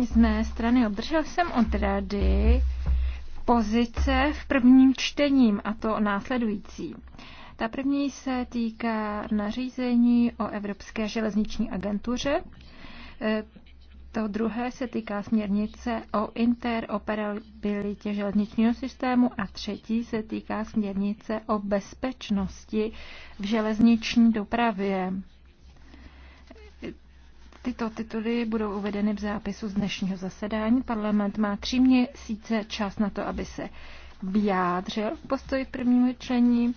z mé strany obdržel jsem od rady pozice v prvním čtením, a to následující. Ta první se týká nařízení o Evropské železniční agentuře. E, to druhé se týká směrnice o interoperabilitě železničního systému a třetí se týká směrnice o bezpečnosti v železniční dopravě. Tyto tituly budou uvedeny v zápisu z dnešního zasedání. Parlament má tři měsíce čas na to, aby se vyjádřil v postoji k prvnímu člení.